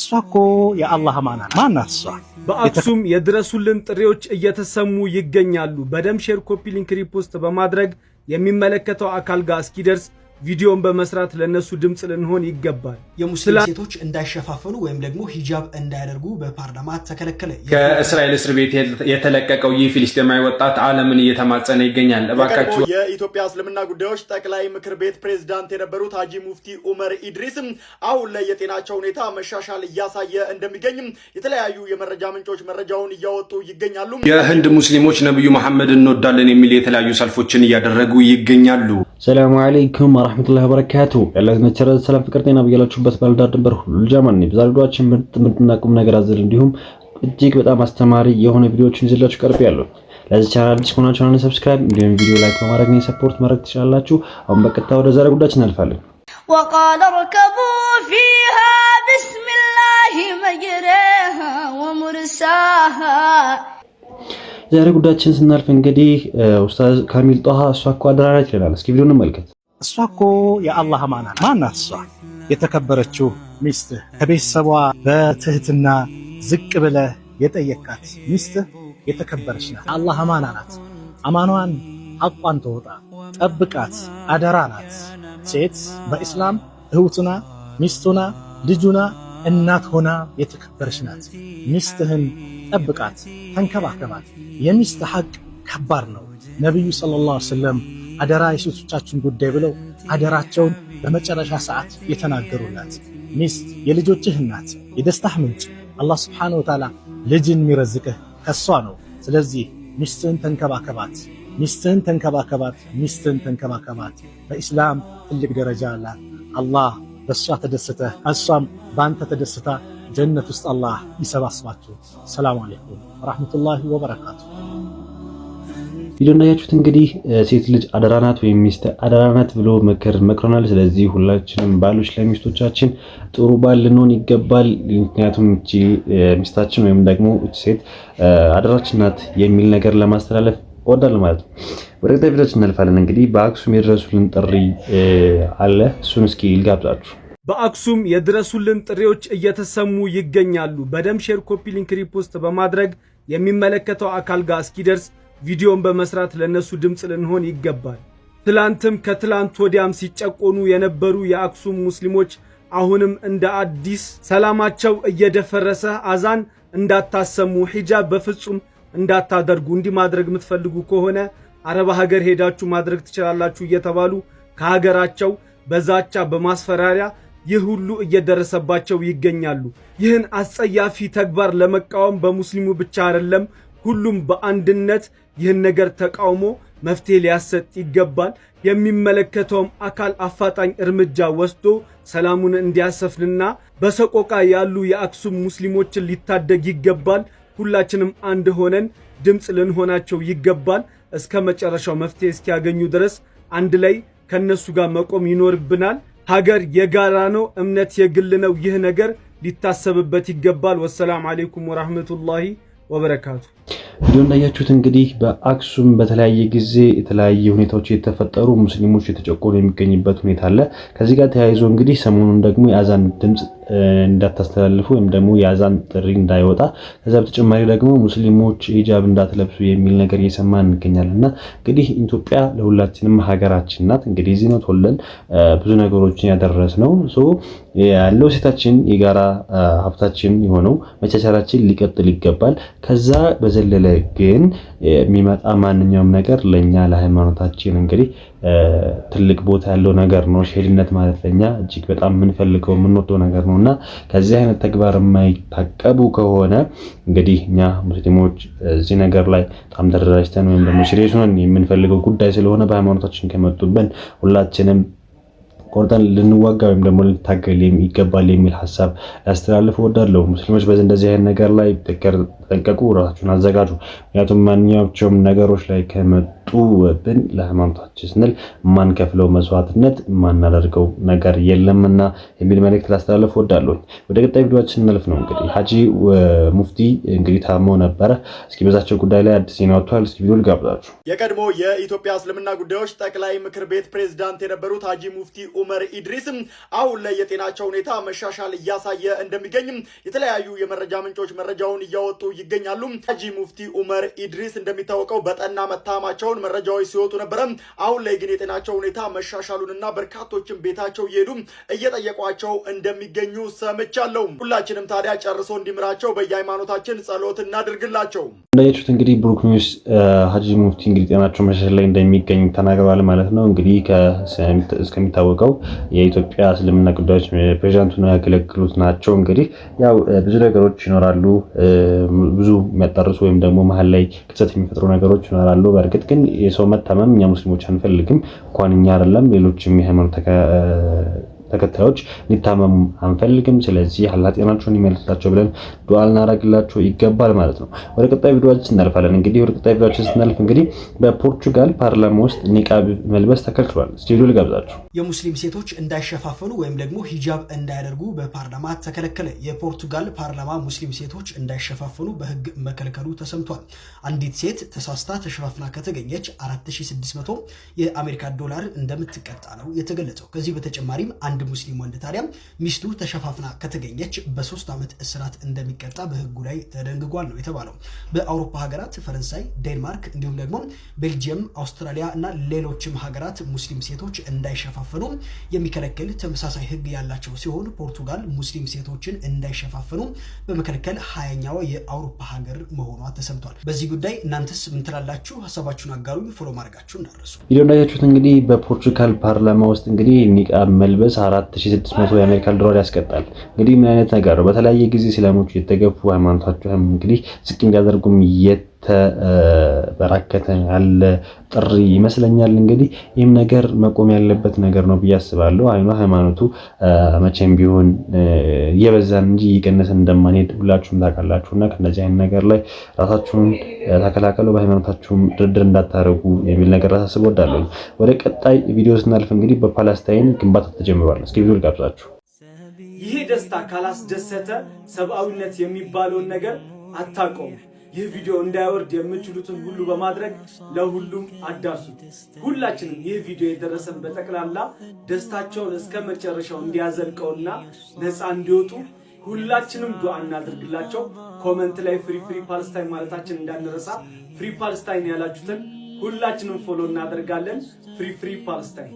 እሷ እኮ የአላህ ማና ማናት እሷ። በአክሱም የድረሱልን ጥሪዎች እየተሰሙ ይገኛሉ። በደም ሼር፣ ኮፒ ሊንክ፣ ሪፖስት በማድረግ የሚመለከተው አካል ጋር እስኪደርስ ቪዲዮን በመስራት ለእነሱ ድምፅ ልንሆን ይገባል። የሙስሊም ሴቶች እንዳይሸፋፈኑ ወይም ደግሞ ሂጃብ እንዳያደርጉ በፓርላማ ተከለከለ። ከእስራኤል እስር ቤት የተለቀቀው ይህ ፊልስጤማዊ ወጣት ዓለምን እየተማጸነ ይገኛል። እባካችሁ የኢትዮጵያ እስልምና ጉዳዮች ጠቅላይ ምክር ቤት ፕሬዝዳንት የነበሩት ሀጂ ሙፍቲ ኡመር ኢድሪስም አሁን ላይ የጤናቸው ሁኔታ መሻሻል እያሳየ እንደሚገኝም የተለያዩ የመረጃ ምንጮች መረጃውን እያወጡ ይገኛሉ። የህንድ ሙስሊሞች ነቢዩ መሐመድ እንወዳለን የሚል የተለያዩ ሰልፎችን እያደረጉ ይገኛሉ። ሰላሙ አለይኩም ወራህመቱላሂ ወበረካቱ ያለ ነቸረ ሰላም ፍቅር ጤና ብያላችሁበት ባልዳር ድንበር ሁሉ ጃማን ነው። በዛሬው ቪዲዮአችን ምርጥ ምርጥና ቁም ነገር አዘል እንዲሁም እጅግ በጣም አስተማሪ የሆነ ቪዲዮዎችን ይዘላችሁ ቀርብ ያለው ለዚህ ቻናል አዲስ ከሆናችሁ ቻናሉን ሰብስክራይብ እንዲሁም ቪዲዮ ላይክ በማድረግ ነው ሰፖርት ማድረግ ትችላላችሁ። አሁን በቀጥታ ወደ ዛሬ ጉዳያችን እናልፋለን። وقال اركبوا فيها بسم الله مجريها ومرساها ዛሬ ጉዳያችን ስናልፍ እንግዲህ ኡስታዝ ካሚል ጧሃ እሷ እኮ አደራናት ይለናል። እስኪ ቪዲዮ እንመልከት። እሷ እኮ የአላህ አማና ማናት። እሷ የተከበረችው ሚስትህ ከቤተሰቧ በትህትና ዝቅ ብለህ የጠየካት ሚስትህ የተከበረች ናት። የአላህ አማና ናት። አማኗን አቋን ተወጣ ጠብቃት፣ አደራ ናት። ሴት በኢስላም እህቱና ሚስቱና ልጁና እናት ሆና የተከበረች ናት። ሚስትህን ጠብቃት፣ ተንከባከባት። የሚስት ሐቅ ከባድ ነው። ነቢዩ ሰለላሁ ዐለይሂ ወሰለም አደራ የሴቶቻችን ጉዳይ ብለው አደራቸውን በመጨረሻ ሰዓት የተናገሩላት ሚስት፣ የልጆችህ እናት፣ የደስታህ ምንጭ አላህ ስብሓነ ወተዓላ ልጅን የሚረዝቅህ ከሷ ነው። ስለዚህ ሚስትህን ተንከባከባት፣ ሚስትህን ተንከባከባት፣ ሚስትህን ተንከባከባት። በኢስላም ትልቅ ደረጃ አላት። አላህ በእሷ ተደስተህ እሷም በአንተ ተደስታ ጀነት ውስጥ አላህ ይሰባስባችሁ። ሰላሙ አለይኩም ወረሕመቱላሂ ወበረካቱ። ቪዲዮ እንዳያችሁት እንግዲህ ሴት ልጅ አደራናት ወይም ሚስት አደራናት ብሎ መከር መክረናል። ስለዚህ ሁላችንም ባሎች ለሚስቶቻችን ጥሩ ባል ልንሆን ይገባል። ምክንያቱም እቺ ሚስታችን ወይም ደግሞ እቺ ሴት አደራችን ናት የሚል ነገር ለማስተላለፍ እወዳለሁ ማለት ነው። ወደ ቀጣይ ቪዲዮች እናልፋለን። እንግዲህ በአክሱም የደረሱልን ጥሪ አለ። እሱን እስኪ ልጋብዛችሁ። በአክሱም የድረሱልን ጥሪዎች እየተሰሙ ይገኛሉ። በደም ሼር፣ ኮፒ፣ ሊንክ፣ ሪፖስት በማድረግ የሚመለከተው አካል ጋር እስኪደርስ ቪዲዮን በመስራት ለነሱ ድምፅ ልንሆን ይገባል። ትላንትም ከትላንት ወዲያም ሲጨቆኑ የነበሩ የአክሱም ሙስሊሞች አሁንም እንደ አዲስ ሰላማቸው እየደፈረሰ አዛን እንዳታሰሙ፣ ሂጃብ በፍጹም እንዳታደርጉ፣ እንዲህ ማድረግ የምትፈልጉ ከሆነ አረብ ሀገር ሄዳችሁ ማድረግ ትችላላችሁ እየተባሉ ከሀገራቸው በዛቻ በማስፈራሪያ ይህ ሁሉ እየደረሰባቸው ይገኛሉ። ይህን አስጸያፊ ተግባር ለመቃወም በሙስሊሙ ብቻ አይደለም ሁሉም በአንድነት ይህን ነገር ተቃውሞ መፍትሄ ሊያሰጥ ይገባል። የሚመለከተውም አካል አፋጣኝ እርምጃ ወስዶ ሰላሙን እንዲያሰፍንና በሰቆቃ ያሉ የአክሱም ሙስሊሞችን ሊታደግ ይገባል። ሁላችንም አንድ ሆነን ድምፅ ልንሆናቸው ይገባል። እስከ መጨረሻው መፍትሄ እስኪያገኙ ድረስ አንድ ላይ ከእነሱ ጋር መቆም ይኖርብናል። ሀገር የጋራ ነው፣ እምነት የግል ነው። ይህ ነገር ሊታሰብበት ይገባል። ወሰላም አሌይኩም ወራህመቱላሂ ወበረካቱ እንዲሁ እንዳያችሁት እንግዲህ በአክሱም በተለያየ ጊዜ የተለያየ ሁኔታዎች የተፈጠሩ ሙስሊሞች የተጨቆኑ የሚገኝበት ሁኔታ አለ። ከዚህ ጋር ተያይዞ እንግዲህ ሰሞኑን ደግሞ የአዛን ድምፅ እንዳታስተላልፉ ወይም ደግሞ የአዛን ጥሪ እንዳይወጣ ከዛ በተጨማሪ ደግሞ ሙስሊሞች ሂጃብ እንዳትለብሱ የሚል ነገር እየሰማ እንገኛለን። እና እንግዲህ ኢትዮጵያ ለሁላችንም ሀገራችን ናት። እንግዲህ እዚህ ነው ተወልደን ብዙ ነገሮችን ያደረስ ነው ያለው ሴታችን የጋራ ሀብታችን የሆነው መቻቻላችን ሊቀጥል ይገባል። ከዛ በዘለለ ግን የሚመጣ ማንኛውም ነገር ለእኛ ለሃይማኖታችን እንግዲህ ትልቅ ቦታ ያለው ነገር ነው። ሼድነት ማለት ለኛ እጅግ በጣም የምንፈልገው የምንወደው ነገር ነው እና ከዚህ አይነት ተግባር የማይታቀቡ ከሆነ እንግዲህ እኛ ሙስሊሞች እዚህ ነገር ላይ በጣም ተደራጅተን ወይም ደግሞ ሲሪየስ ሆነን የምንፈልገው ጉዳይ ስለሆነ በሃይማኖታችን ከመጡብን ሁላችንም ቆርጠን ልንዋጋ ወይም ደግሞ ልንታገል ይገባል የሚል ሀሳብ ላስተላልፍ እወዳለሁ። ሙስሊሞች በዚህ እንደዚህ አይነት ነገር ላይ እንድትጠነቀቁ ራሳችሁን አዘጋጁ። ምክንያቱም ማንኛቸውም ነገሮች ላይ ከመጡብን ለሃይማኖታችን ስንል ማንከፍለው መስዋዕትነት ማናደርገው ነገር የለምና የሚል መልእክት ላስተላለፍ ወዳለሁኝ። ወደ ቀጣይ ቪዲዮችን እናልፍ ነው። እንግዲህ ሀጂ ሙፍቲ እንግዲህ ታመው ነበረ። እስኪ በዛቸው ጉዳይ ላይ አዲስ ዜና ወጥቷል። እስኪ ቪዲዮ ልጋብዛችሁ። የቀድሞ የኢትዮጵያ እስልምና ጉዳዮች ጠቅላይ ምክር ቤት ፕሬዝዳንት የነበሩት ሀጂ ሙፍቲ ኡመር ኢድሪስም አሁን ላይ የጤናቸው ሁኔታ መሻሻል እያሳየ እንደሚገኝም የተለያዩ የመረጃ ምንጮች መረጃውን እያወጡ ይገኛሉ። ሀጂ ሙፍቲ ኡመር ኢድሪስ እንደሚታወቀው በጠና መታማቸውን መረጃዎች ሲወጡ ነበረ። አሁን ላይ ግን የጤናቸው ሁኔታ መሻሻሉንና በርካቶችን ቤታቸው እየሄዱ እየጠየቋቸው እንደሚገኙ ሰምቻለሁ። ሁላችንም ታዲያ ጨርሶ እንዲምራቸው በየሃይማኖታችን ጸሎት እናድርግላቸው። እንዳያችሁት እንግዲህ ብሩክ ኒውስ ሀጂ ሙፍቲ እንግዲህ ጤናቸው መሻሻል ላይ እንደሚገኝ ተናግረዋል ማለት ነው። እንግዲህ እስከሚታወቀው የኢትዮጵያ እስልምና ጉዳዮች ፕሬዚዳንቱን ያገለግሉት ናቸው። እንግዲህ ያው ብዙ ነገሮች ይኖራሉ ብዙ የሚያጣርሱ ወይም ደግሞ መሀል ላይ ክፍተት የሚፈጥሩ ነገሮች ይኖራሉ። በእርግጥ ግን የሰው መታመም እኛ ሙስሊሞች አንፈልግም። እንኳን እኛ አይደለም ሌሎችም የሃይማኖት ተከታዮች እንዲታመሙ አንፈልግም። ስለዚህ አላህ ጤናቸውን ይመልስላቸው ብለን ዱዓ ልናደርግላቸው ይገባል ማለት ነው። ወደ ቀጣይ ቪዲዮችን እናልፋለን። እንግዲህ ወደ ቀጣይ ቪዲዮችን ስናልፍ እንግዲህ በፖርቹጋል ፓርላማ ውስጥ ኒቃብ መልበስ ተከልክሏል። ስቱዲዮ ልጋብዛችሁ። የሙስሊም ሴቶች እንዳይሸፋፈኑ ወይም ደግሞ ሂጃብ እንዳያደርጉ በፓርላማ ተከለከለ። የፖርቱጋል ፓርላማ ሙስሊም ሴቶች እንዳይሸፋፈኑ በህግ መከልከሉ ተሰምቷል። አንዲት ሴት ተሳስታ ተሸፋፍና ከተገኘች 4600 የአሜሪካ ዶላር እንደምትቀጣ ነው የተገለጸው። ከዚህ በተጨማሪም አንድ ሙስሊም ወንድ ታዲያም ሚስቱ ተሸፋፍና ከተገኘች በሶስት ዓመት እስራት እንደሚቀጣ በህጉ ላይ ተደንግጓል ነው የተባለው። በአውሮፓ ሀገራት ፈረንሳይ፣ ዴንማርክ እንዲሁም ደግሞ ቤልጅየም፣ አውስትራሊያ እና ሌሎችም ሀገራት ሙስሊም ሴቶች እንዳይሸፋፈኑ የሚከለክል ተመሳሳይ ህግ ያላቸው ሲሆን ፖርቱጋል ሙስሊም ሴቶችን እንዳይሸፋፈኑ በመከልከል ሀያኛዋ የአውሮፓ ሀገር መሆኗ ተሰምቷል። በዚህ ጉዳይ እናንተስ ምን ትላላችሁ? ሀሳባችሁን አጋሩ። ፎሎ ማድረጋችሁ እንዳረሱ ቪዲዮ እንዳያችሁት እንግዲህ በፖርቱጋል ፓርላማ ውስጥ እንግዲህ ኒቃብ መልበስ 4600 የአሜሪካን ዶላር ያስቀጣል። እንግዲህ ምን አይነት ነገር ነው? በተለያየ ጊዜ እስላሞች የተገፉ ሃይማኖታቸው እንግዲህ ዝቅ እንዲያደርጉም የት ተበራከተ ያለ ጥሪ ይመስለኛል። እንግዲህ ይህም ነገር መቆም ያለበት ነገር ነው ብዬ አስባለሁ። አይኗ ሃይማኖቱ መቼም ቢሆን እየበዛን እንጂ እየቀነሰን እንደማንሄድ ሁላችሁም ታውቃላችሁ እና ከእንደዚህ አይነት ነገር ላይ ራሳችሁን ተከላከሉ፣ በሃይማኖታችሁም ድርድር እንዳታደርጉ የሚል ነገር ራሳስብ ወዳለሁ። ወደ ቀጣይ ቪዲዮ ስናልፍ እንግዲህ በፓላስታይን ግንባታ ተጀምሯል። እስኪ ቪዲዮ ልጋብዛችሁ። ይህ ደስታ ካላስደሰተ ሰብአዊነት የሚባለውን ነገር አታቆም ይህ ቪዲዮ እንዳይወርድ የምችሉትን ሁሉ በማድረግ ለሁሉም አዳርሱት። ሁላችንም ይህ ቪዲዮ የደረሰን በጠቅላላ ደስታቸውን እስከ መጨረሻው እንዲያዘልቀውና ነፃ እንዲወጡ ሁላችንም ዱዓ እናድርግላቸው። ኮመንት ላይ ፍሪ ፍሪ ፓለስታይን ማለታችን እንዳንረሳ። ፍሪ ፓለስታይን ያላችሁትን ሁላችንም ፎሎ እናደርጋለን። ፍሪ ፍሪ ፓለስታይን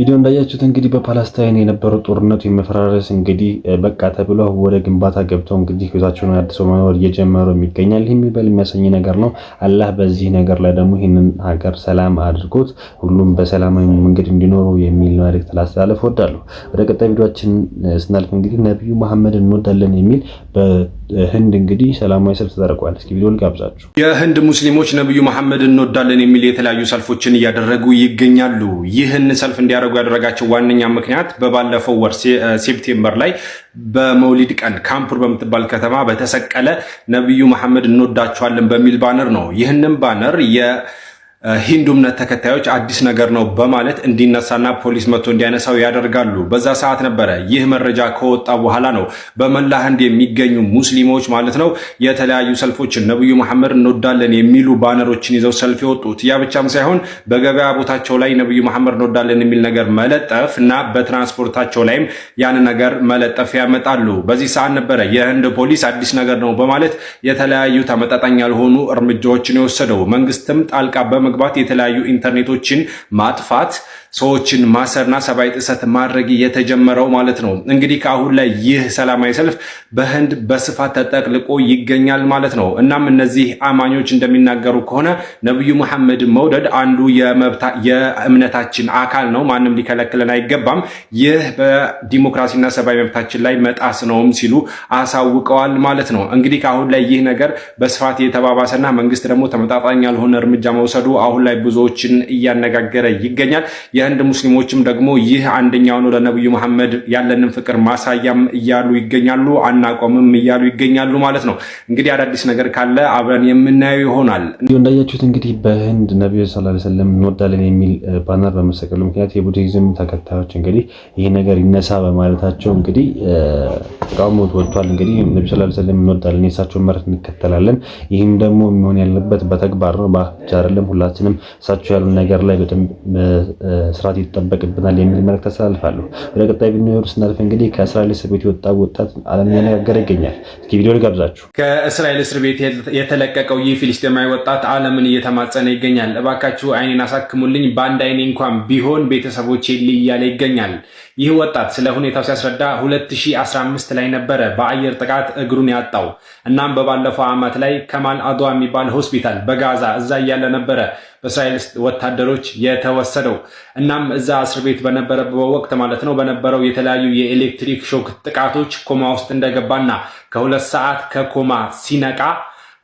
ቪዲዮ እንዳያችሁት እንግዲህ በፓለስታይን የነበረው ጦርነቱ የመፈራረስ እንግዲህ በቃ ተብሎ ወደ ግንባታ ገብተው እንግዲህ ህይወታቸውን አድሰው መኖር እየጀመሩ የሚገኛል ይህም የሚያሰኝ ነገር ነው። አላህ በዚህ ነገር ላይ ደግሞ ይህንን ሀገር ሰላም አድርጎት ሁሉም በሰላማዊ መንገድ እንዲኖሩ የሚል መልእክት ላስተላለፍ እወዳለሁ። ወደ ቀጣይ ቪዲዮችን ስናልፍ እንግዲህ ነቢዩ መሐመድ እንወዳለን የሚል ህንድ እንግዲህ ሰላማዊ ሰልፍ ተጠርቋል። እስኪ ቪዲዮ ልጋብዛችሁ። የህንድ ሙስሊሞች ነቢዩ መሐመድ እንወዳለን የሚል የተለያዩ ሰልፎችን እያደረጉ ይገኛሉ። ይህን ሰልፍ እንዲያደርጉ ያደረጋቸው ዋነኛ ምክንያት በባለፈው ወር ሴፕቴምበር ላይ በመውሊድ ቀን ካምፑር በምትባል ከተማ በተሰቀለ ነቢዩ መሐመድ እንወዳቸዋለን በሚል ባነር ነው። ይህንም ባነር ሂንዱ እምነት ተከታዮች አዲስ ነገር ነው በማለት እንዲነሳና ፖሊስ መጥቶ እንዲያነሳው ያደርጋሉ። በዛ ሰዓት ነበረ ይህ መረጃ ከወጣ በኋላ ነው በመላ ህንድ የሚገኙ ሙስሊሞች ማለት ነው የተለያዩ ሰልፎችን ነብዩ መሐመድ እንወዳለን የሚሉ ባነሮችን ይዘው ሰልፍ የወጡት። ያ ብቻም ሳይሆን በገበያ ቦታቸው ላይ ነብዩ መሐመድ እንወዳለን የሚል ነገር መለጠፍ እና በትራንስፖርታቸው ላይም ያን ነገር መለጠፍ ያመጣሉ። በዚህ ሰዓት ነበረ የህንድ ፖሊስ አዲስ ነገር ነው በማለት የተለያዩ ተመጣጣኝ ያልሆኑ እርምጃዎችን የወሰደው መንግስትም ጣልቃ በመ በመግባት የተለያዩ ኢንተርኔቶችን ማጥፋት ሰዎችን ማሰርና ሰብአዊ ጥሰት ማድረግ የተጀመረው ማለት ነው። እንግዲህ ከአሁን ላይ ይህ ሰላማዊ ሰልፍ በህንድ በስፋት ተጠቅልቆ ይገኛል ማለት ነው። እናም እነዚህ አማኞች እንደሚናገሩ ከሆነ ነቢዩ መሐመድ መውደድ አንዱ የእምነታችን አካል ነው፣ ማንም ሊከለክለን አይገባም፣ ይህ በዲሞክራሲና ሰብአዊ መብታችን ላይ መጣስ ነውም ሲሉ አሳውቀዋል ማለት ነው። እንግዲህ ከአሁን ላይ ይህ ነገር በስፋት የተባባሰና መንግስት ደግሞ ተመጣጣኝ ያልሆነ እርምጃ መውሰዱ አሁን ላይ ብዙዎችን እያነጋገረ ይገኛል። የህንድ ሙስሊሞችም ደግሞ ይህ አንደኛው ነው ለነብዩ መሐመድ ያለንን ፍቅር ማሳያም እያሉ ይገኛሉ። አናቆምም እያሉ ይገኛሉ ማለት ነው። እንግዲህ አዳዲስ ነገር ካለ አብረን የምናየው ይሆናል። እንዳያችሁት እንግዲህ በህንድ ነቢዩ ሰለላሁ ዐለይሂ እንወዳለን የሚል ባነር በመሰቀሉ ምክንያት የቡድሂዝም ተከታዮች እንግዲህ ይህ ነገር ይነሳ በማለታቸው እንግዲህ ተቃውሞ ወጥቷል። እንግዲህ ነቢ ሰለላሁ ዐለይሂ እንወዳለን፣ የእሳቸውን መረት እንከተላለን። ይህም ደግሞ የሚሆን ያለበት በተግባር ነው። በአፍ አይደለም። ሁላችንም እሳቸው ያሉን ነገር ላይ በደንብ ስርዓት ይጠበቅብናል የሚል መልዕክት አስተላልፋለሁ። ወደ ቀጣይ ቪዲዮ ስናልፍ እንግዲህ ከእስራኤል እስር ቤት የወጣ ወጣት ዓለም እያነጋገረ ይገኛል። እስኪ ቪዲዮ ልጋብዛችሁ። ከእስራኤል እስር ቤት የተለቀቀው ይህ ፊልስጤማዊ ወጣት ዓለምን እየተማጸነ ይገኛል። እባካችሁ አይኔን አሳክሙልኝ፣ በአንድ አይኔ እንኳን ቢሆን ቤተሰቦቼ ልይ እያለ ይገኛል። ይህ ወጣት ስለ ሁኔታው ሲያስረዳ 2015 ላይ ነበረ በአየር ጥቃት እግሩን ያጣው። እናም በባለፈው ዓመት ላይ ከማል አድዋ የሚባል ሆስፒታል በጋዛ እዛ እያለ ነበረ በእስራኤል ወታደሮች የተወሰደው። እናም እዛ እስር ቤት በነበረበት ወቅት ማለት ነው በነበረው የተለያዩ የኤሌክትሪክ ሾክ ጥቃቶች ኮማ ውስጥ እንደገባና ከሁለት ሰዓት ከኮማ ሲነቃ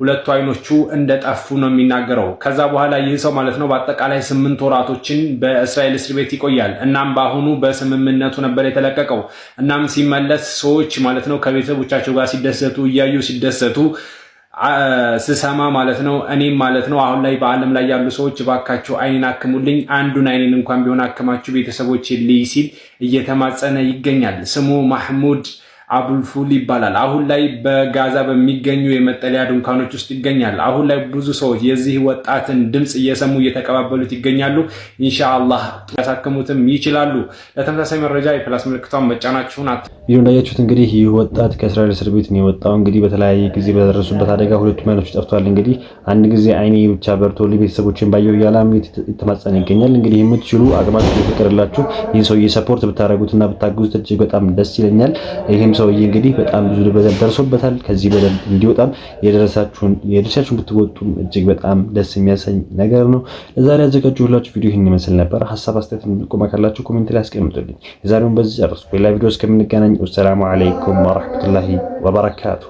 ሁለቱ አይኖቹ እንደጠፉ ነው የሚናገረው። ከዛ በኋላ ይህ ሰው ማለት ነው በአጠቃላይ ስምንት ወራቶችን በእስራኤል እስር ቤት ይቆያል። እናም በአሁኑ በስምምነቱ ነበር የተለቀቀው። እናም ሲመለስ ሰዎች ማለት ነው ከቤተሰቦቻቸው ጋር ሲደሰቱ እያዩ ሲደሰቱ ስሰማ ማለት ነው እኔም ማለት ነው አሁን ላይ በዓለም ላይ ያሉ ሰዎች እባካችሁ አይኔን አክሙልኝ፣ አንዱን አይኔን እንኳን ቢሆን አክማችሁ ቤተሰቦች ልይ ሲል እየተማጸነ ይገኛል። ስሙ ማህሙድ አቡልፉል ይባላል። አሁን ላይ በጋዛ በሚገኙ የመጠለያ ድንኳኖች ውስጥ ይገኛል። አሁን ላይ ብዙ ሰዎች የዚህ ወጣትን ድምፅ እየሰሙ እየተቀባበሉት ይገኛሉ። ኢንሻአላህ ሊያሳክሙትም ይችላሉ። ለተመሳሳይ መረጃ የፕላስ ምልክቷን መጫናችሁን አት ቪዲዮ እንዳያችሁት እንግዲህ ይህ ወጣት ከእስራኤል እስር ቤት የወጣው። እንግዲህ በተለያየ ጊዜ በደረሱበት አደጋ ሁለቱም አይኖቹ ጠፍቷል። እንግዲህ አንድ ጊዜ አይኔ ብቻ በርቶ ቤተሰቦችን ባየው ያላም የተማጸነ ይገኛል። እንግዲህ የምትችሉ አቅማችሁ የፈቀደላችሁ ይህን ሰውዬ ሰፖርት ብታደረጉትና ብታግዙት እጅግ በጣም ደስ ይለኛል። ይህን ይህም ሰውዬ እንግዲህ በጣም ብዙ በደል ደርሶበታል። ከዚህ በደል እንዲወጣም የደረሳችሁን የድርሻችሁን ብትወጡም እጅግ በጣም ደስ የሚያሰኝ ነገር ነው። ለዛሬ ያዘጋጀሁላችሁ ቪዲዮ ይህን ይመስል ነበር። ሀሳብ አስተያየት፣ ጥቆማ ካላችሁ ኮሜንት ላይ አስቀምጡልኝ። የዛሬውን በዚህ ጨረስኩ። ሌላ ቪዲዮ እስከምንገናኝ ወሰላሙ አለይኩም ወረሕመቱላሂ ወበረካቱ።